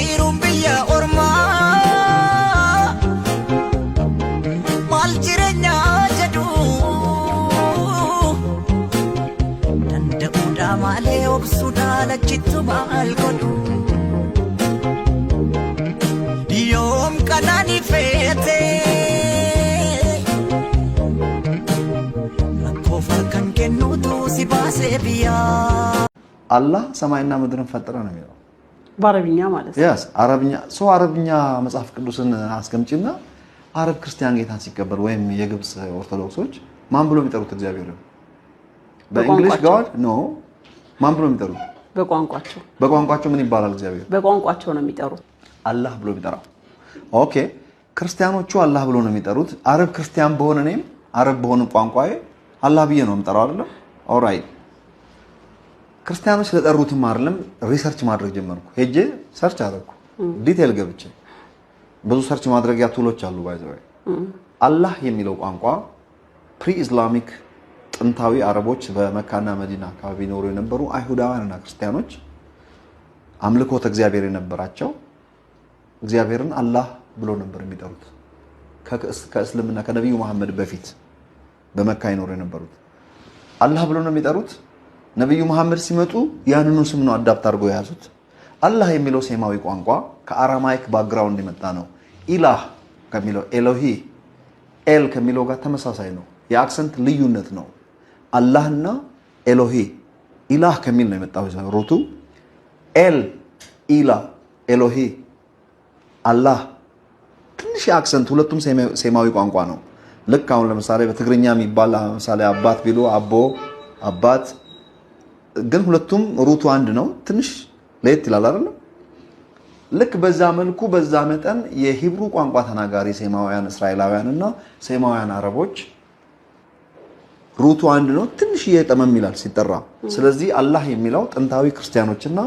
jiruun biyya ormaa maal jireenya jedhu danda'uudha malee obsuudha lachitti maal godhu yoom kanaan ifeete rakkoof harkaan kennuutu si baasee biyyaa አላህ ሰማይና ምድርን ፈጠረ ነው የሚለው በአረብኛ ማለት ነው። ሰው አረብኛ መጽሐፍ ቅዱስን አስገምጭና አረብ ክርስቲያን ጌታን ሲቀበል ወይም የግብፅ ኦርቶዶክሶች ማን ብሎ የሚጠሩት እግዚአብሔር ነው? በእንግሊሽ ጋድ ኖ፣ ማን ብሎ የሚጠሩት በቋንቋቸው። በቋንቋቸው ምን ይባላል? እግዚአብሔር በቋንቋቸው ነው የሚጠሩት። አላህ ብሎ የሚጠራው ኦኬ። ክርስቲያኖቹ አላህ ብሎ ነው የሚጠሩት። አረብ ክርስቲያን በሆነ እኔም አረብ በሆነ ቋንቋዬ አላህ ብዬ ነው የምጠራው አይደለም? ኦራይት ክርስቲያኖች ስለጠሩትም አይደለም ሪሰርች ማድረግ ጀመርኩ። ሄጄ ሰርች አደረኩ፣ ዲቴል ገብቼ ብዙ ሰርች ማድረጊያ ቱሎች አሉ። ወይ አላህ የሚለው ቋንቋ ፕሪ ኢስላሚክ ጥንታዊ አረቦች በመካና መዲና አካባቢ ኖሩ የነበሩ አይሁዳውያንና ክርስቲያኖች አምልኮተ እግዚአብሔር የነበራቸው እግዚአብሔርን አላህ ብሎ ነበር የሚጠሩት ከእስልምና ከነቢዩ መሐመድ በፊት በመካ ይኖሩ የነበሩት አላህ ብሎ ነው የሚጠሩት። ነቢዩ መሐመድ ሲመጡ ያንኑ ስም ነው አዳፕት አድርጎ የያዙት። አላህ የሚለው ሴማዊ ቋንቋ ከአራማይክ ባክግራውንድ የመጣ ነው። ኢላህ ከሚለው ኤሎሂ ኤል ከሚለው ጋር ተመሳሳይ ነው። የአክሰንት ልዩነት ነው። አላህና ኤሎሂ ኢላህ ከሚል ነው የመጣው ሮቱ። ኤል ኢላ ኤሎሂ አላህ ትንሽ የአክሰንት ሁለቱም ሴማዊ ቋንቋ ነው። ልክ አሁን ለምሳሌ በትግርኛ የሚባል ለምሳሌ አባት ቢሉ አቦ አባት ግን ሁለቱም ሩቱ አንድ ነው። ትንሽ ለየት ይላል አይደለም? ልክ በዛ መልኩ በዛ መጠን የሂብሩ ቋንቋ ተናጋሪ ሴማውያን እስራኤላውያን እና ሴማውያን አረቦች ሩቱ አንድ ነው። ትንሽ እየጠመም ይላል ሲጠራ። ስለዚህ አላህ የሚለው ጥንታዊ ክርስቲያኖችና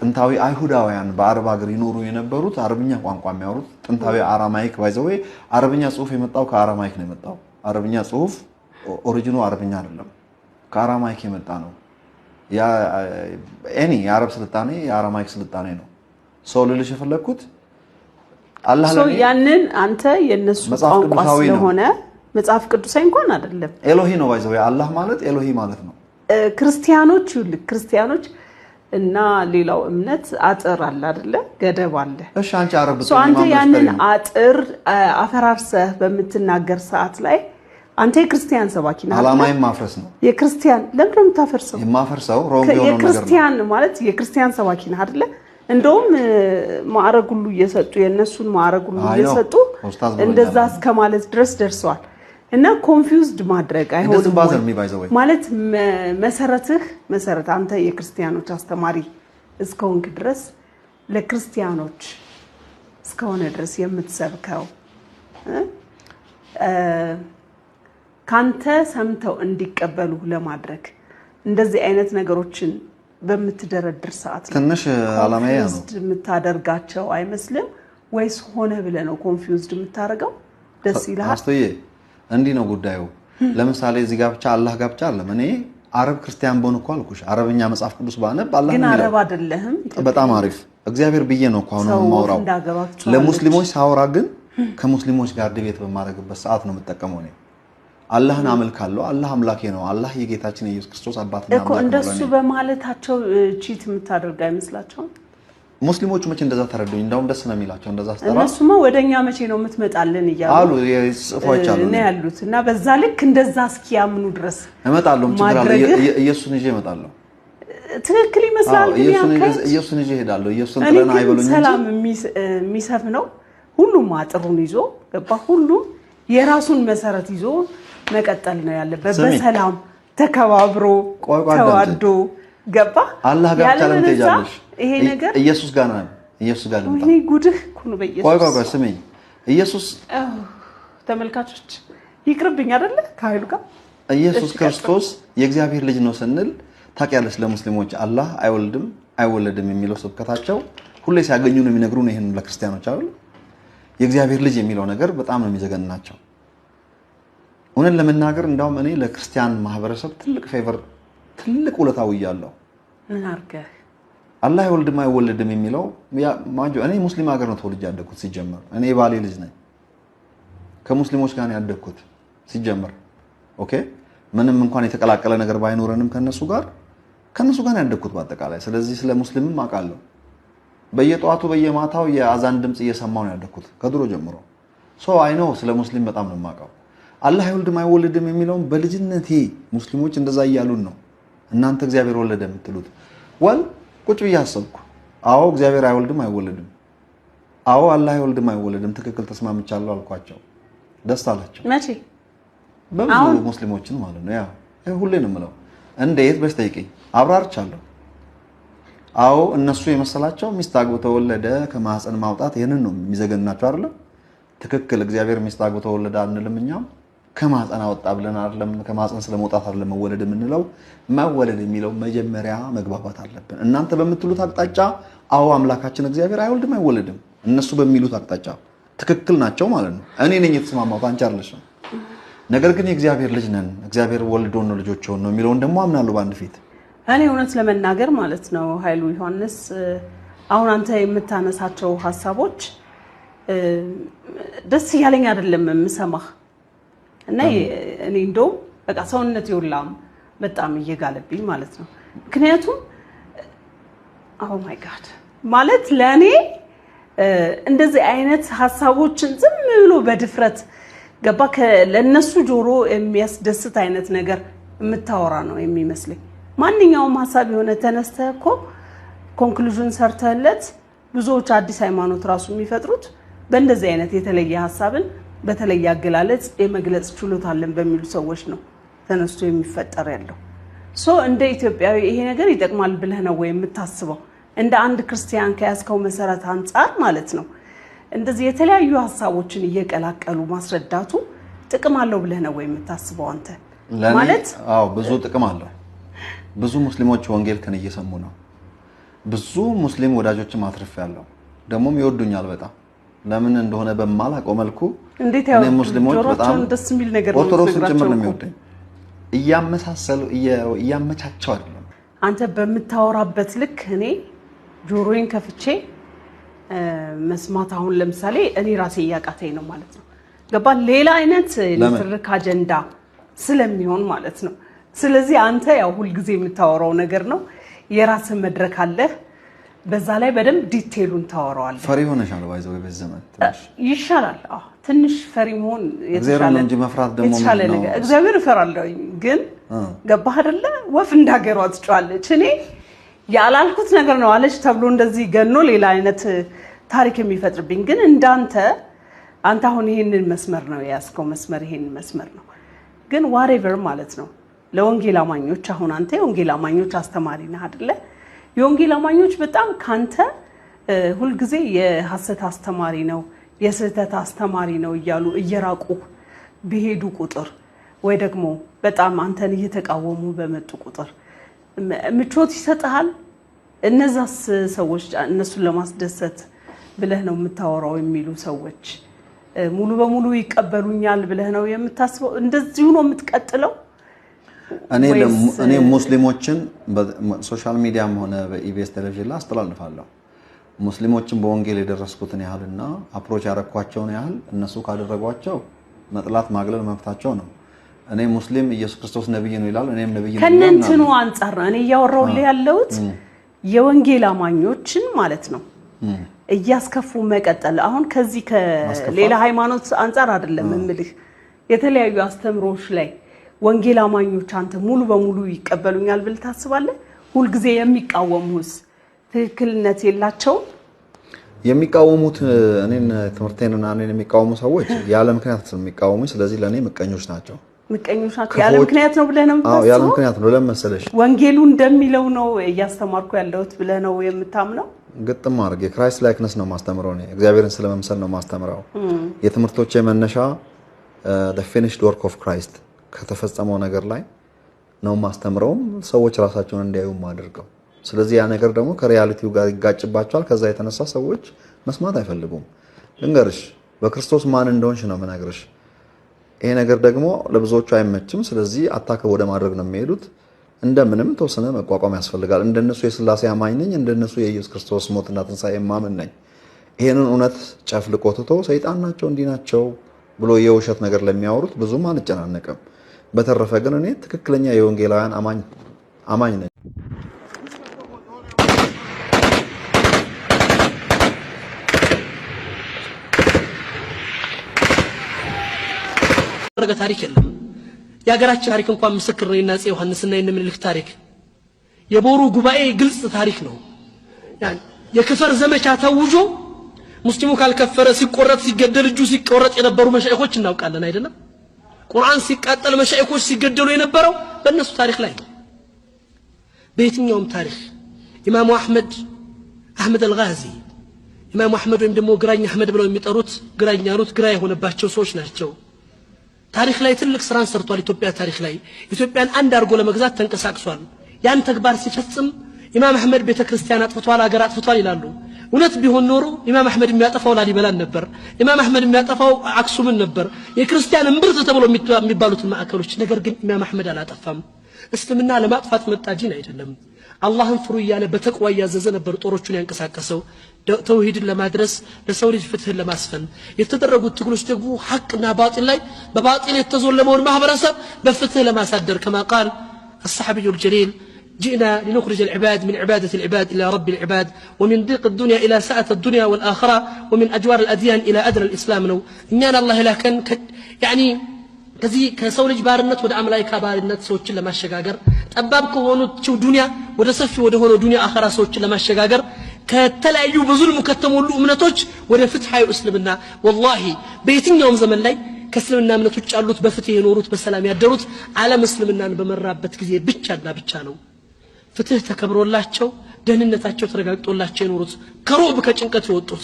ጥንታዊ አይሁዳውያን በአረብ ሀገር ይኖሩ የነበሩት አረብኛ ቋንቋ የሚያወሩት ጥንታዊ አራማይክ ባይዘወይ አረብኛ ጽሁፍ የመጣው ከአራማይክ ነው የመጣው። አረብኛ ጽሁፍ ኦሪጂኑ አረብኛ አይደለም፣ ከአራማይክ የመጣ ነው። ኤኒ የአረብ ስልጣኔ የአረማይክ ስልጣኔ ነው። ሰው ልልሽ የፈለግኩት አላህ ያንን አንተ የነሱ ቋንቋ ስለሆነ መጽሐፍ ቅዱሳዊ እንኳን አይደለም። ኤሎሂ ነው ባይዘው አላህ ማለት ኤሎሂ ማለት ነው። ክርስቲያኖች ይኸውልህ ክርስቲያኖች እና ሌላው እምነት አጥር አለ አይደለ? ገደብ አለ። እሺ አንቺ ያንን አጥር አፈራርሰህ በምትናገር ሰዓት ላይ አንተ የክርስቲያን ሰባኪ ነህ። አላማዬም ማፍረስ ነው። የክርስቲያን ለምን ነው የምታፈርሰው? የማፈርሰው ሮም የሆነው የክርስቲያን ማለት የክርስቲያን ሰባኪ ነህ አይደለ? እንደውም ማዕረግ ሁሉ እየሰጡ የእነሱን ማዕረግ ሁሉ እየሰጡ እንደዛ እስከ ማለት ድረስ ደርሰዋል። እና ኮንፊውዝድ ማድረግ አይሆንም ማለት መሰረትህ መሰረት አንተ የክርስቲያኖች አስተማሪ እስከሆንክ ድረስ ለክርስቲያኖች እስከሆነ ድረስ የምትሰብከው ካንተ ሰምተው እንዲቀበሉ ለማድረግ እንደዚህ አይነት ነገሮችን በምትደረድር ሰዓት ትንሽ አላማ የምታደርጋቸው አይመስልም ወይስ ሆነ ብለህ ነው ኮንፊውዝድ የምታደርገው? ደስ ይልሃል አስቶዬ። እንዲህ ነው ጉዳዩ። hm. ለምሳሌ እዚህ ጋብቻ አላህ ጋብቻ አለም እኔ አረብ ክርስቲያን በሆን እኮ አልኩሽ፣ አረብኛ መጽሐፍ ቅዱስ ባነብ አላህ ግን አረብ አይደለህም። በጣም አሪፍ እግዚአብሔር ብዬ ነው እኮ አሁን የማወራው። ለሙስሊሞች ሳወራ ግን hm. ከሙስሊሞች ጋር ድቤት በማድረግበት ሰዓት ነው የምጠቀመው እኔ አላህን አመልካለሁ፣ አላህ አምላኬ ነው፣ አላህ የጌታችን የኢየሱስ ክርስቶስ አባትና እኮ እንደሱ በማለታቸው ቺት የምታደርግ አይመስላቸውም። ሙስሊሞቹ መቼ እንደዛ ተረዱኝ። እንዳውም ደስ ነው የሚላቸው እንደዛ አስተራ እነሱማ ወደ እኛ መቼ ነው የምትመጣልን እያሉ አሉ ጽፎች አሉ እና ያሉት እና በዛ ልክ እንደዛ እስኪያምኑ ድረስ እመጣለሁ። ችግር ኢየሱስን ይዤ እመጣለሁ። ትክክል ይመስላል። ግን ኢየሱስን ይዤ እሄዳለሁ። ኢየሱስን ጥለና አይበሉኝ ሰላም የሚሰፍ ነው። ሁሉም አጥሩን ይዞ ገባ። ሁሉም የራሱን መሰረት ይዞ መቀጠል ነው ያለበት። በሰላም ተከባብሮ ተዋዶ ገባ አላህ ጋር ትሄጃለሽ። ይሄ ነገር ኢየሱስ ጋር ነው። ኢየሱስ ጋር ልምጣ። ጉድህ ኩኑ በኢየሱስ ቆይ ቆይ ኢየሱስ ተመልካቾች ይቅርብኝ አይደለ ጋር ኢየሱስ ክርስቶስ የእግዚአብሔር ልጅ ነው ስንል ታውቂያለሽ፣ ለሙስሊሞች አላህ አይወልድም አይወለድም የሚለው ስብከታቸው ሁሌ ሲያገኙ ነው የሚነግሩን። ይሄን ለክርስቲያኖች አሉ የእግዚአብሔር ልጅ የሚለው ነገር በጣም ነው የሚዘገንናቸው። እውነት ለመናገር እንዳውም እኔ ለክርስቲያን ማህበረሰብ ትልቅ ፌቨር ትልቅ ውለታ ውያለሁ። ምን አድርገህ አላህ አይወልድም አይወለድም የሚለው እኔ ሙስሊም ሀገር ነው ተወልጄ ያደግኩት። ሲጀመር እኔ የባሌ ልጅ ነኝ። ከሙስሊሞች ጋር ያደግኩት ሲጀመር። ኦኬ ምንም እንኳን የተቀላቀለ ነገር ባይኖረንም ከነሱ ጋር ከነሱ ጋር ያደግኩት በአጠቃላይ። ስለዚህ ስለ ሙስሊምም አውቃለሁ። በየጠዋቱ በየማታው የአዛን ድምፅ እየሰማሁ ነው ያደግኩት ከድሮ ጀምሮ። ሶ አይ ኖ ስለ ሙስሊም በጣም ነው የማውቀው። አላህ አይወልድም አይወልድም የሚለውን በልጅነቴ ሙስሊሞች እንደዛ እያሉን ነው እናንተ እግዚአብሔር ወለደ የምትሉት። ወል ቁጭ ብዬ አሰብኩ። አዎ እግዚአብሔር አይወልድም አይወልድም፣ አዎ አላህ አይወልድም አይወልድም፣ ትክክል ተስማምቻለሁ አልኳቸው። ደስ አላቸው። በብዙ ሙስሊሞችን ማለት ነው። ያው ሁሌ ነው የምለው። እንዴት በሽ ጠይቀኝ፣ አብራርቻለሁ። አዎ እነሱ የመሰላቸው ሚስት አግብቶ ወለደ ከማህፀን ማውጣት፣ ይህንን ነው የሚዘገናቸው አይደለም። ትክክል እግዚአብሔር ሚስት አግብቶ ወለደ አንልም እኛም ከማፀን አወጣ ብለን አይደለም ከማፀን ስለመውጣት አይደለም መወለድ የምንለው። መወለድ የሚለው መጀመሪያ መግባባት አለብን። እናንተ በምትሉት አቅጣጫ አዎ አምላካችን እግዚአብሔር አይወልድም አይወለድም፣ እነሱ በሚሉት አቅጣጫ ትክክል ናቸው ማለት ነው። እኔ ነኝ የተስማማሁት፣ አንቺ አይደለሽ ነው። ነገር ግን የእግዚአብሔር ልጅ ነን፣ እግዚአብሔር ወልዶ ነው ልጆች ሆን ነው የሚለውን ደግሞ አምናለሁ በአንድ ፊት። እኔ እውነት ለመናገር ማለት ነው ኃይሉ ዮሐንስ፣ አሁን አንተ የምታነሳቸው ሀሳቦች ደስ እያለኝ አይደለም የምሰማህ እና እኔ እንደውም በቃ ሰውነት የውላም በጣም እየጋለብኝ ማለት ነው። ምክንያቱም ኦ ማይ ጋድ ማለት ለእኔ እንደዚህ አይነት ሀሳቦችን ዝም ብሎ በድፍረት ገባ ለእነሱ ጆሮ የሚያስደስት አይነት ነገር የምታወራ ነው የሚመስለኝ። ማንኛውም ሀሳብ የሆነ ተነስተ እኮ ኮንክሉዥን ሰርተለት ብዙዎች አዲስ ሃይማኖት ራሱ የሚፈጥሩት በእንደዚህ አይነት የተለየ ሀሳብን በተለይ አገላለጽ የመግለጽ አለን በሚሉ ሰዎች ነው ተነስቶ የሚፈጠር ያለው። ሶ እንደ ኢትዮጵያዊ ይሄ ነገር ይጠቅማል ብለህ ነው ወይ የምታስበው? እንደ አንድ ክርስቲያን ከያዝከው መሰረት አንጻር ማለት ነው። እንደዚህ የተለያዩ ሀሳቦችን እየቀላቀሉ ማስረዳቱ ጥቅም አለው ብለህ ነው ወይ የምታስበው አንተ? ማለት አዎ፣ ብዙ ጥቅም አለው። ብዙ ሙስሊሞች ወንጌል ከን እየሰሙ ነው። ብዙ ሙስሊም ወዳጆችም አትርፍ ያለው ደግሞም ይወዱኛል በጣም ለምን እንደሆነ በማላውቀው መልኩ እንዴት ያው ሙስሊሞች በጣም ደስ የሚል ነገር ኦርቶዶክስን ጭምር ነው የሚወደኝ። እያመሳሰሉ እያመቻቸው አይደለም። አንተ በምታወራበት ልክ እኔ ጆሮዬን ከፍቼ መስማት አሁን ለምሳሌ እኔ ራሴ እያቃተኝ ነው ማለት ነው። ገባ ሌላ አይነት የንትርክ አጀንዳ ስለሚሆን ማለት ነው። ስለዚህ አንተ ያው ሁልጊዜ የምታወራው ነገር ነው። የራስህ መድረክ አለህ። በዛ ላይ በደንብ ዲቴሉን ታወራዋለህ። ፈሪ ሆነሻል ባይዘው በዚህ ዘመን ይሻላል። ትንሽ ፈሪ መሆን የተሻለ ነገር። እግዚአብሔር እፈራለሁኝ ግን ገባህ አይደለ? ወፍ እንዳገሯ ትጮዋለች። እኔ ያላልኩት ነገር ነው አለች ተብሎ እንደዚህ ገኖ ሌላ አይነት ታሪክ የሚፈጥርብኝ ግን እንዳንተ አንተ አሁን ይሄንን መስመር ነው የያዝከው መስመር ይሄንን መስመር ነው ግን ዋሬቨር ማለት ነው ለወንጌል አማኞች አሁን አንተ የወንጌል አማኞች አስተማሪ ነህ አይደለ? የወንጌል አማኞች በጣም ካንተ ሁልጊዜ የሐሰት አስተማሪ ነው፣ የስህተት አስተማሪ ነው እያሉ እየራቁ በሄዱ ቁጥር ወይ ደግሞ በጣም አንተን እየተቃወሙ በመጡ ቁጥር ምቾት ይሰጥሃል። እነዛስ ሰዎች እነሱን ለማስደሰት ብለህ ነው የምታወራው የሚሉ ሰዎች ሙሉ በሙሉ ይቀበሉኛል ብለህ ነው የምታስበው? እንደዚሁ ነው የምትቀጥለው? እኔ ሙስሊሞችን ሶሻል ሚዲያም ሆነ በኢቢኤስ ቴሌቪዥን ላይ አስተላልፋለሁ። ሙስሊሞችን በወንጌል የደረስኩትን ያህል ያህልና አፕሮች ያረግኳቸውን ያህል እነሱ ካደረጓቸው መጥላት ማግለል መብታቸው ነው። እኔ ሙስሊም ኢየሱስ ክርስቶስ ነብይ ነው ይላል። እኔም ነብይ ነኝ። ከእንትኑ አንጻር ነው እኔ እያወራሁልህ ያለሁት የወንጌል አማኞችን ማለት ነው እያስከፉ መቀጠል። አሁን ከዚህ ከሌላ ሃይማኖት አንጻር አይደለም የምልህ፣ የተለያዩ አስተምሮች ላይ ወንጌል አማኞች አንተ ሙሉ በሙሉ ይቀበሉኛል ብለህ ታስባለህ? ሁልጊዜ የሚቃወሙስ ትክክልነት የላቸውም? የሚቃወሙት እኔን ትምህርቴንና እኔን የሚቃወሙ ሰዎች ያለ ምክንያት የሚቃወሙ ስለዚህ ለእኔ ምቀኞች ናቸው። ምቀኞች ናቸው። ያለ ምክንያት ነው ብለህ ነው የምታስበው? ያለ ምክንያት ነው። ለምን መሰለሽ ወንጌሉ እንደሚለው ነው እያስተማርኩ ያለሁት ብለህ ነው የምታምነው? ግጥም አድርግ። የክራይስት ላይክነስ ነው ማስተምረው። እኔ እግዚአብሔርን ስለመምሰል ነው ማስተምረው። የትምህርቶች መነሻ ፊኒሽድ ወርክ ኦፍ ክራይስት ከተፈጸመው ነገር ላይ ነው ማስተምረውም ሰዎች ራሳቸውን እንዲያዩ አድርገው። ስለዚህ ያ ነገር ደግሞ ከሪያሊቲው ጋር ይጋጭባቸዋል። ከዛ የተነሳ ሰዎች መስማት አይፈልጉም። ልንገርሽ፣ በክርስቶስ ማን እንደሆንሽ ነው ምነግርሽ። ይሄ ነገር ደግሞ ለብዙዎቹ አይመችም። ስለዚህ አታከብ ወደ ማድረግ ነው የሚሄዱት። እንደምንም ተወሰነ መቋቋም ያስፈልጋል። እንደነሱ የስላሴ አማኝ ነኝ፣ እንደነሱ የኢየሱስ ክርስቶስ ሞትና ትንሣኤ ማምን ነኝ። ይሄንን እውነት ጨፍልቆ ትቶ ሰይጣን ናቸው እንዲህ ናቸው ብሎ የውሸት ነገር ለሚያወሩት ብዙም አልጨናነቅም። በተረፈ ግን እኔ ትክክለኛ የወንጌላውያን አማኝ ነኝ። ያደረገ ታሪክ የለም። የሀገራችን ታሪክ እንኳን ምስክር ነው። የአፄ ዮሐንስና የእነ ምኒልክ ታሪክ፣ የቦሩ ጉባኤ ግልጽ ታሪክ ነው። የክፈር ዘመቻ ተውጆ ሙስሊሙ ካልከፈረ ሲቆረጥ፣ ሲገደል፣ እጁ ሲቆረጥ የነበሩ መሻይኮች እናውቃለን አይደለም። ቁርአን ሲቃጠል መሻይኮች ሲገደሉ የነበረው በእነሱ ታሪክ ላይ በየትኛውም ታሪክ ኢማሙ አሕመድ አሕመድ አልጋዚ ኢማሙ አሕመድ ወይም ደግሞ ግራኝ አሕመድ ብለው የሚጠሩት ግራኝ ያሉት ግራ የሆነባቸው ሰዎች ናቸው። ታሪክ ላይ ትልቅ ስራን ሰርቷል። ኢትዮጵያ ታሪክ ላይ ኢትዮጵያን አንድ አድርጎ ለመግዛት ተንቀሳቅሷል። ያን ተግባር ሲፈጽም ኢማም አሕመድ ቤተ ክርስቲያን አጥፍቷል፣ አገር አጥፍቷል ይላሉ። እውነት ቢሆን ኖሮ ኢማም አህመድ የሚያጠፋው ላሊበላን ነበር። ኢማም አህመድ የሚያጠፋው አክሱምን ነበር፣ የክርስቲያን እምብርት ተብሎ የሚባሉትን ማዕከሎች። ነገር ግን ኢማም አህመድ አላጠፋም። እስልምና ለማጥፋት መጣ አይደለም። አላህን ፍሩ እያለ በተቅዋ እያዘዘ ነበር ጦሮቹን ያንቀሳቀሰው ተውሂድን ለማድረስ ለሰው ልጅ ፍትህን ለማስፈን የተደረጉት ትግሎች ደግሞ ሐቅና ባጢል ላይ በባጢል የተዞለመውን ማህበረሰብ በፍትህ ለማሳደር ከማቃል አሰሓቢዩ ልጀሊል جئنا لنخرج العباد من عبادة العباد إلى رب العباد ومن ضيق الدنيا إلى ساعة الدنيا والآخرة ومن أجوار الأديان إلى أدنى الإسلام نو إنيان الله لكن ك... يعني كذي كسول جبار النت ودعم لا يكبار النت سوتش لما الشجاجر أبابك هونو تشو دنيا ودسف وده هونو دنيا آخرة سوتش لما الشجاجر كتلا أيوب بظلم كتمو لؤمنا توش وده فتح أسلمنا والله بيتين يوم زمن لي كسلمنا من توش علوت بفتح نوروت بسلام يدروت على مسلمنا بمرابة كزي بتشان لا بتشانو ፍትህ ተከብሮላቸው ደህንነታቸው ተረጋግጦላቸው የኖሩት ከሮብ ከጭንቀት የወጡት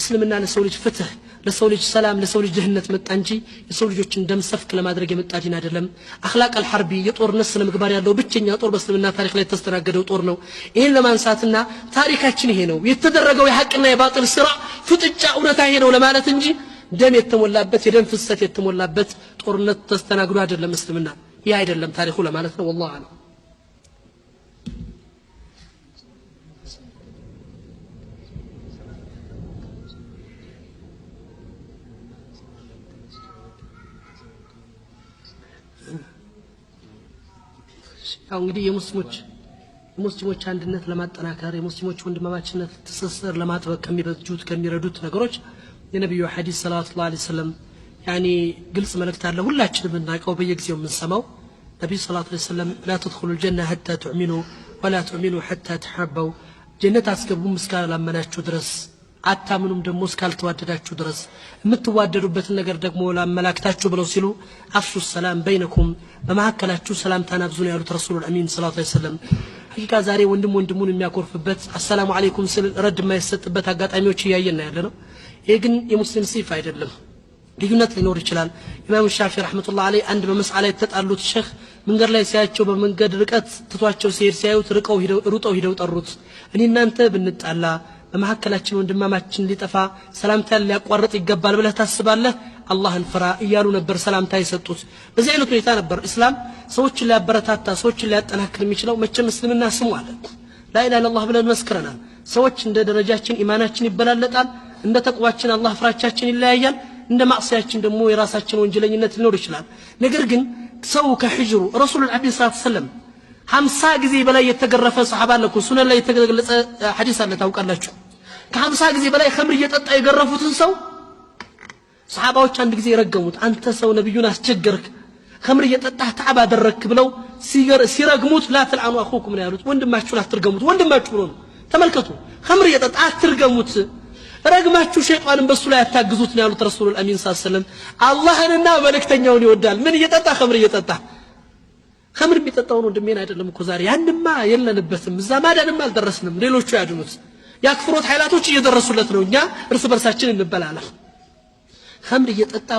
እስልምና ለሰው ልጅ ፍትህ ለሰው ልጅ ሰላም ለሰው ልጅ ድህነት መጣ እንጂ የሰው ልጆችን ደም ሰፍክ ለማድረግ የመጣ ዲን አይደለም። አክላቅ አልሐርቢ የጦርነት ስነ ምግባር ያለው ብቸኛ ጦር በእስልምና ታሪክ ላይ የተስተናገደው ጦር ነው። ይህን ለማንሳትና ታሪካችን ይሄ ነው የተደረገው የሐቅና የባጥል ስራ ፍጥጫ እውነታ ይሄ ነው ለማለት እንጂ ደም የተሞላበት የደም ፍሰት የተሞላበት ጦርነት ተስተናግዶ አይደለም። እስልምና ይህ አይደለም ታሪኩ ለማለት ነው። ወላሂ ነው። ያው እንግዲህ የሙስሊሞች የሙስሊሞች አንድነት ለማጠናከር የሙስሊሞች ወንድማማችነት ትስስር ለማጥበቅ ከሚበጁት ከሚረዱት ነገሮች የነቢዩ ሐዲስ ሰለላሁ ዐለይሂ ወሰለም ያኔ ግልጽ መልእክት አለ። ሁላችንም የምናውቀው በየጊዜው የምንሰማው ነቢዩ ሰለላሁ ዐለይሂ ወሰለም ላ ተድኹሉ ልጀና ሐታ ትዕሚኑ ወላ ትዕሚኑ ሐታ ተሐበው ጀነት አስገቡም እስካላመናችሁ ድረስ አታምኑም ደግሞ እስካልተዋደዳችሁ ድረስ የምትዋደዱበትን ነገር ደግሞ ላመላክታችሁ ብለው ሲሉ አፍሱ ሰላም በይነኩም በመካከላችሁ ሰላም አብዙ ነው ያሉት ረሱሉ አሚን ሰላቱ ወሰለም። ሀቂቃ ዛሬ ወንድም ወንድሙን የሚያኮርፍበት አሰላሙ አሌይኩም ስል ረድ የማይሰጥበት አጋጣሚዎች እያየን ያለ ነው። ይህ ግን የሙስሊም ሲፍ አይደለም። ልዩነት ሊኖር ይችላል። ኢማሙ ሻፊ ረሕመቱላህ አለይ አንድ በመስዓ ላይ የተጣሉት ሼህ መንገድ ላይ ሲያቸው በመንገድ ርቀት ትቷቸው ሲሄድ ሲያዩት ርቀው ሩጠው ሂደው ጠሩት። እኔ እናንተ ብንጣላ በመካከላችን ወንድማማችን ሊጠፋ ሰላምታ ሊያቋርጥ ይገባል ብለህ ታስባለህ? አላህን ፍራ እያሉ ነበር ሰላምታ የሰጡት። በዚህ አይነት ሁኔታ ነበር እስላም ሰዎችን ሊያበረታታ ሰዎችን ሊያጠናክር የሚችለው። መቼም እስልምና ስሙ አለ ላኢላሃ ኢለላህ ብለን መስክረናል። ሰዎች እንደ ደረጃችን ኢማናችን ይበላለጣል፣ እንደ ተቅዋችን አላህ ፍራቻችን ይለያያል፣ እንደ ማዕሲያችን ደግሞ የራሳችን ወንጀለኝነት ሊኖር ይችላል። ነገር ግን ሰው ከሕጅሩ ረሱሉል ዓለይሂ ሰላቱ ወሰላም ሀምሳ ጊዜ በላይ የተገረፈ ሰሓባ አለ እኮ ሱነን ላይ የተገለጸ ሐዲስ አለ ታውቃላችሁ። ከሀምሳ ጊዜ በላይ ከምር እየጠጣ የገረፉትን ሰው ሰሓባዎች አንድ ጊዜ ረገሙት አንተ ሰው ነቢዩን አስቸገርክ፣ ከምር እየጠጣህ ተዓብ አደረግክ ብለው ሲረግሙት ላትልአኑ አኹኩም ነው ያሉት። ወንድማችሁን አትርገሙት፣ ወንድማችሁ ነው። ተመልከቱ፣ ከምር እየጠጣ አትርገሙት፣ ረግማችሁ ሸይጣንን በሱ ላይ አታግዙት ነው ያሉት ረሱሉል አሚን ሰለም። አላህንና መልእክተኛውን ይወዳል። ምን እየጠጣ ከምር እየጠጣ ከምር የሚጠጣውን ወንድሜን አይደለም እኮ ዛሬ ያንማ የለንበትም። እዛ ማዳንም አልደረስንም። ሌሎቹ ያድኑት። የአክፍሮት ኃይላቶች እየደረሱለት ነው። እኛ እርስ በርሳችን እንበላለን። ከምር እየጠጣ